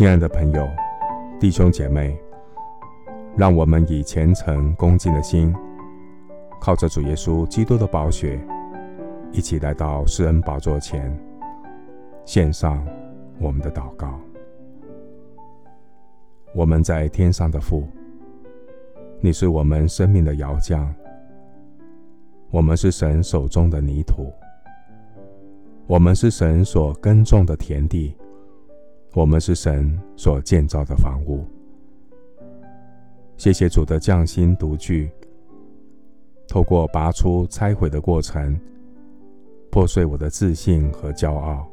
親愛的朋友、弟兄姐妹，讓我們以虔誠恭敬的心，靠着主耶穌基督的寶血，一起來到施恩寶座前，獻上我們的禱告。我們在天上的父，你是我們生命的窯匠，我們是神手中的泥土，我們是神所耕種的田地。我們是神所建造的房屋。謝謝主的匠心獨具。透過拔出、拆毀的過程，破碎我的自信和驕傲。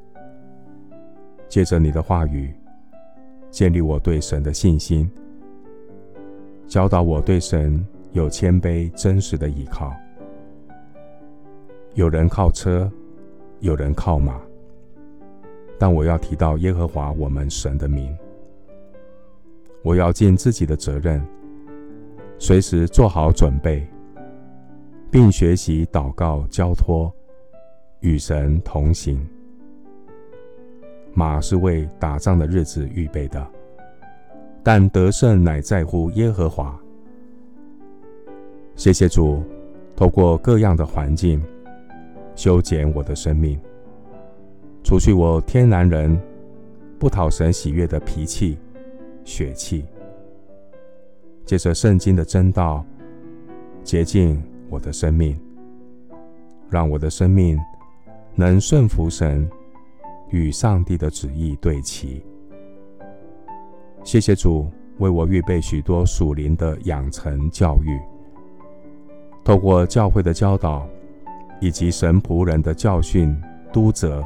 借着你的話語，建立我對神的信心，教導我對神有謙卑、真實的依靠。有人靠車，有人靠馬。但我要提到耶和華我們神的名。我要盡自己的責任，隨時做好準備，並學習禱告、交托，與神同行。馬是為打仗的日子預備的，但得勝乃在乎耶和華。謝謝主，透過各樣的環境修剪我的生命。除去我天然人不討神喜悅的脾氣、血氣，借着聖經的真道潔淨我的生命，讓我的生命能順服神與上帝的旨意對齊。謝謝主為我預備許多屬靈的養成教育，透過教會的教導以及神僕人的教訓、督責。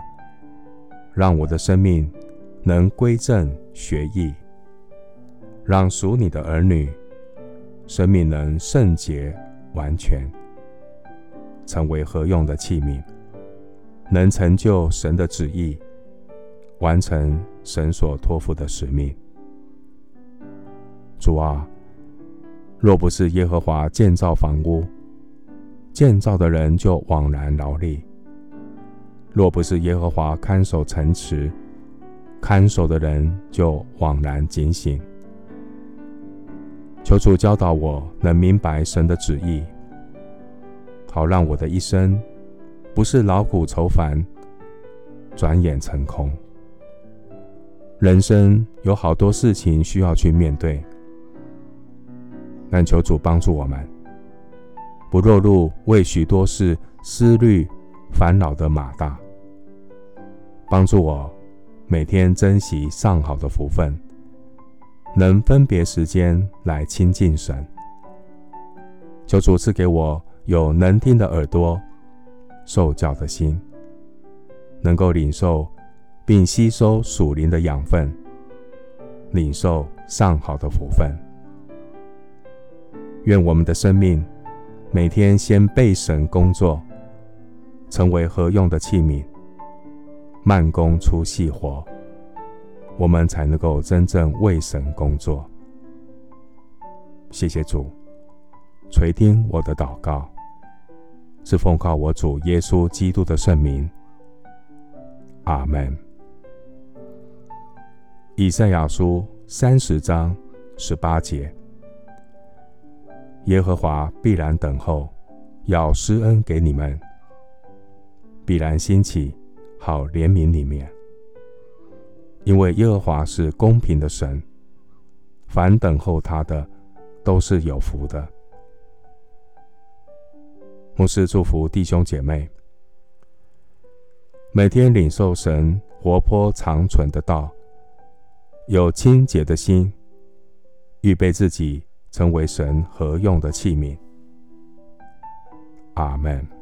讓我的生命能歸正學義，讓屬你的兒女生命能聖潔完全，成為合用的器皿，能成就神的旨意，完成神所托付的使命。主啊，若不是耶和華建造房屋，建造的人就枉然勞力。若不是耶和華看守城池，看守的人就枉然警醒。求主教導我能明白神的旨意，好讓我的一生不是勞苦愁煩，轉眼成空。人生有好多事情需要去面對，但求主幫助我們，不落入為許多事思慮煩惱的馬大。幫助我每天珍惜上好的福分，能分別時間來親近神。求主賜給我有能聽的耳朵、受教的心，能夠領受並吸收屬靈的養分，領受上好的福分。願我們的生命每天先被神工作，成為合用的器皿。慢工出細活，我們才能夠真正為神工作。謝謝主，垂聽我的禱告，是奉靠我主耶穌基督的聖名。阿門。以賽亞書三十章十八節：耶和華必然等候，要施恩給你們，必然興起。好憐憫你們，因為耶和華是公平的神，凡等候他的都是有福的。牧師祝福弟兄姐妹，每天領受神活潑長存的道，有清潔的心，預備自己成為神合用的器皿。阿門。